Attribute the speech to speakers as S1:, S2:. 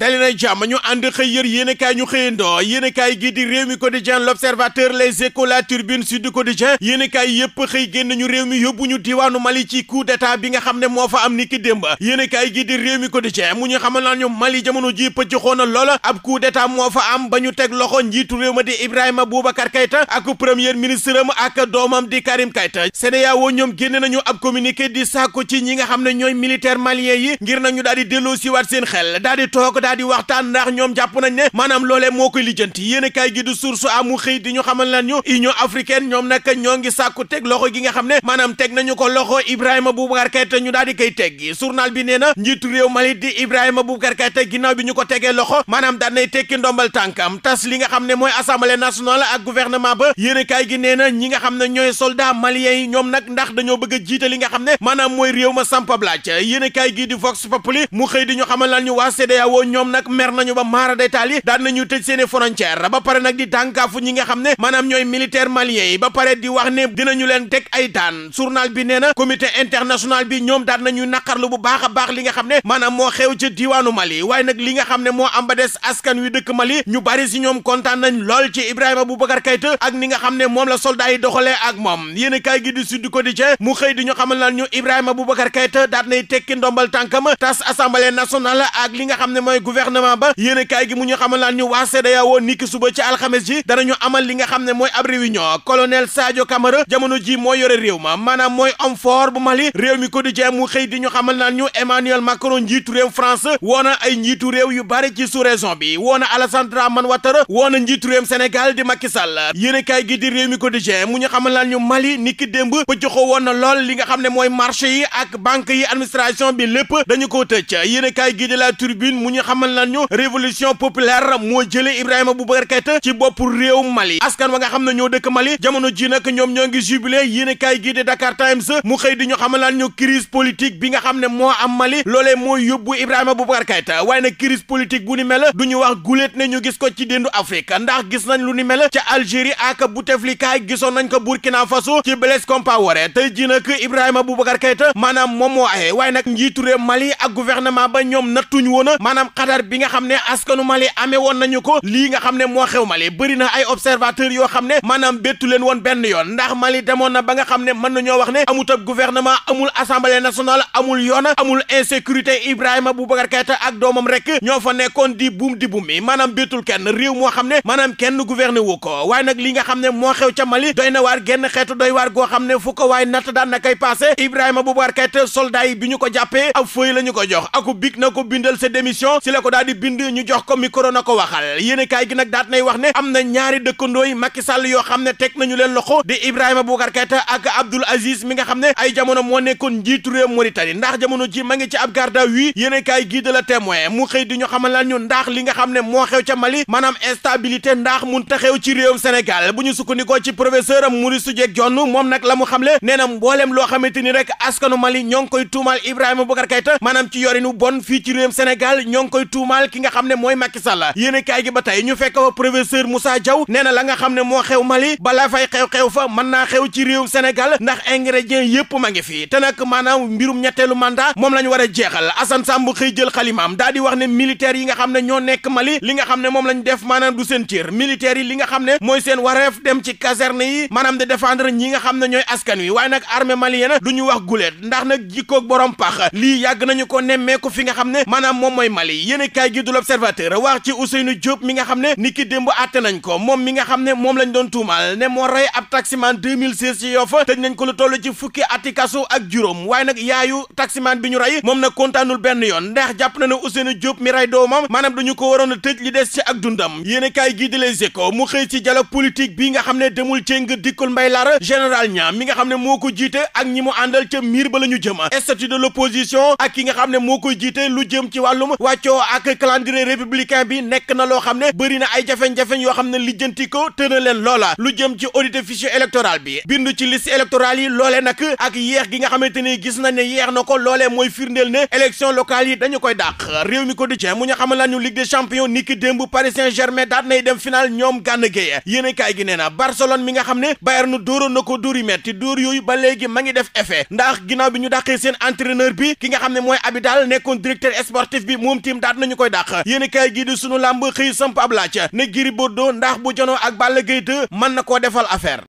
S1: dali na jàmm ñu ànd xëy yër yéenekaay ñu xëyandoo yéenekaay gi di réew mi quotidien l'observateur les échos la turbine sud quotidien yéenekaay yépp xëy génn ñu réew mi yóbbu ñu diwaanu mali ci coup d'état bi nga xam ne moo fa am ni ki démb yéenekaay gi di réew mi quotidien mu ñu xamal naa ñu mali jamono ji pëcc xoona loola ab coup d'état moo fa am ba ñu teg loxo njiitu réew ma di Ibrahima Boubacar Keïta ak premier ministre am ak doomam di Karim Keïta CEDEAO ñoom génn nañu ab communiqué di sàkku ci ñi nga xam ne ñooy militaire malien yi ngir nañu daal di delloo siwaat seen xel daal di toog daal di waxtaan ndax ñoom jàpp nañ ne maanaam loolee moo koy lijjanti yéen kaay gi du source amu xëy di ñu xamal lan ñu union ñoom nag ñoo ngi sàkku teg loxo gi nga xam ne maanaam teg nañu ko loxo Ibrahima Boubacar Keïta ñu daal di koy teggi journal bi nee na njiitu réew Mali di Ibrahima Boubacar Keïta ginnaaw bi ñu ko tegee loxo maanaam daan nay tekki ndombal tànkam tas li nga xam ne mooy assemblée nationale ak gouvernement ba yéen kaay gi nee na ñi nga xam ne ñooy soldat malien yi ñoom nag ndax dañoo bëgg a jiite li nga xam ne ma sampablaaj yéen kaay gi di vox ñoom nag mer nañu ba maara détaal yi daan nañu tëj seeni frontière ba pare nag di tànkaafu ñi nga xam ne maanaam ñooy militaire malien yi ba pare di wax ne dinañu leen teg ay daan journal bi nee na comité international bi ñoom daan nañu naqarlu bu baax a baax li nga xam ne maanaam moo xew ci diwaanu Mali waaye nag li nga xam ne moo am ba des askan wi dëkk Mali ñu bari si ñoom kontaan nañ lool ci Ibrahima Boubacar Keïta ak ni nga xam ne moom la soldat yi doxalee ak moom yéen kaay gi di Sud mu xëy di ñu xamal na ñu Ibrahima Boubacar Keïta daan nay tekki ndombal tànkam tas assemblée nationale ak li nga xam ne mooy gouvernement ba yéen kaay gi mu ñu xamal laan ñu waa CEDEAO niki suba ci alxames ji danañu amal li nga xam ne mooy ab réunion colonel Sadio kamar jamono ji moo yore réew ma maanaam mooy homme fort bu Mali réew mi quotidien mu xëy di ñu xamal laan ñu Emmanuel Macron njiitu réew France woona ay njiitu réew yu bari ji su région bi woona Alassane Dramane Ouattara woona njiitu réew Sénégal di Macky Sall yéen kaay gi di réew mi quotidien mu ñu xamal laan ñu Mali niki démb ba joxoo woon na lool li nga xam ne mooy marché yi ak banque yi administration bi lépp dañu ko tëj yéen kaay gi di mu ñu xam na nañu révolution populaire moo jëlee Ibrahima Boubacar Keïta ci bopp réew Mali askan wa nga xam na ñoo dëkk Mali jamono ji nag ñoom ñoo ngi jubilé yéenekaay gi di Dakar Times mu xëy di ñu xamal nañu crise politique bi nga xam ne moo am Mali loolee moo yóbbu Ibrahima Boubacar Keïta waaye na kiris politique bu ni mel du ñu wax guléet ne ñu gis ko ci déndu Afrique ndax gis nañ lu ni mel ca Algérie ak Bouteflika gisoon nañ ko Burkina Faso ci Blaise Compaoré tey ji nag Ibrahima Boubacar Keïta maanaam moom moo aye waaye nag njiitu réew Mali ak gouvernement ba ñoom nattuñu woon maanaam xadar bi nga xam ne askanu Mali amee woon nañu ko lii nga xam ne moo xew Mali bëri na ay observateur yoo xam ne maanaam bettu leen woon benn yoon ndax Mali demoon na ba nga xam ne mën na ñoo wax ne amut ab gouvernement amul assemblée nationale amul yoon amul insécurité Ibrahima Boubacar Keïta ak doomam rek ñoo fa nekkoon di buum di buum mi maanaam bettul kenn réew moo xam ne maanaam kenn gouverné wo ko waaye nag li nga xam ne moo xew ca Mali doy na waar genn xeetu doy waar goo xam ne fu ko waaye natt daan na koy passé Ibrahima Boubacar Keïta soldat yi bi ñu ko jàppee ab la ñu ko jox aku big na ko bindal sa démission la ko daal di bind ñu jox ko micro na ko waxal yéene kaay gi nag daat nay wax ne am na ñaari dëkkandoo yi Macky Sall yoo xam ne teg nañu leen loxo di Ibrahima Boubacar Keïta ak Abdoul Aziz mi nga xam ne ay jamono moo nekkoon njiitu réew Mauritanie ndax jamono ji ma ngi ci ab garde à vue yéene kaay gi de mu xëy di ñu xamal lan ñu ndax li nga xam ne moo xew ca Mali maanaam instabilité ndax mun ta xew ci réewum Sénégal bu ñu sukkandikoo ci professeur Maurice Soudieck Dione moom nag la mu xam le nee na mbooleem loo xamante ni rek askanu Mali ñoo ngi koy tuumal Ibrahima Boubacar Keïta maanaam ci yorinu bon fii ci réewum ñoo koy koy tuumaal ki nga xam ne mooy Macky Sall yéen kaay gi ba tey ñu fekk fa professeur Moussa Diaw nee na la nga xam ne moo xew Mali balaa fay xew-xew fa mën naa xew ci réewum Sénégal ndax ingrédient yépp ma ngi fii te nag maanaam mbirum ñetteelu mandat moom la ñu war a jeexal Assane Samb xëy jël xalimaam daal di wax ne militaires yi nga xam ne ñoo nekk Mali li nga xam ne moom lañu ñu def maanaam du seen cër militaires yi li nga xam ne mooy seen wareef dem ci caserne yi maanaam de défendre ñi nga xam ne ñooy askan wi waaye nag armée malienne du ñu wax guleet ndax nag jikkoog borom pax lii yàgg nañu ko nemmeeku fi nga xam ne maanaam moom mooy Mali yéene kaay gi du l'observateur wax ci Ousseynou Diop mi nga xam ne ni ki démb attee nañ ko moom mi nga xam ne moom lañ doon tuumal ne moo rey ab taximan 2016 ci Yoff tëj nañ ko lu toll ci fukki ati kaso ak juróom waaye nag yaayu taximan bi ñu rey moom nag kontaanul benn yoon ndax jàpp na ne Ousseynou Diop mi rey doomam maanaam dañu ko waroon a tëj li des ci ak dundam yéene kaay gi di Les Échos mu xëy ci dialogue politique bi nga xam ne demul cëng dikkul mbay lar général ñaam mi nga xam ne moo ko jiite ak ñi mu àndal ca ba la ñu jëm statut de l'opposition ak ki nga xam ne moo koy jiite lu jëm ci wàllum wàccoo dëppoo ak calendrier républicain bi nekk na loo xam ne bëri na ay jafe-jafe yoo xam ne lijjanti ko te na leen loola lu jëm ci audit fichier électoral bi bindu ci liste électorale yi loole nag ak yeex gi nga xamante ni gis nañ ne yeex na ko loolee mooy firndeel ne élection locale yi dañu koy dàq réew mi ko du cee mu ñu xamal la ñu Ligue des champions niki démb Paris Saint-Germain daat nay dem final ñoom gànn géeye yéen kaay gi nee na Barcelone mi nga xam ne Bayern nu dóoroon na ko dóor yu metti dóor yooyu léegi ma ngi def effet ndax ginnaaw bi ñu dàqee seen entraîneur bi ki nga xam ne mooy Abidal nekkoon directeur sportif bi moom tim daat nañu koy dàq yéen kaay gii di sunu làmb xëy samp ab laaj ne Gris Bordeaux ndax bu janoo a Balla Gaye 2 mën na koo defal affaire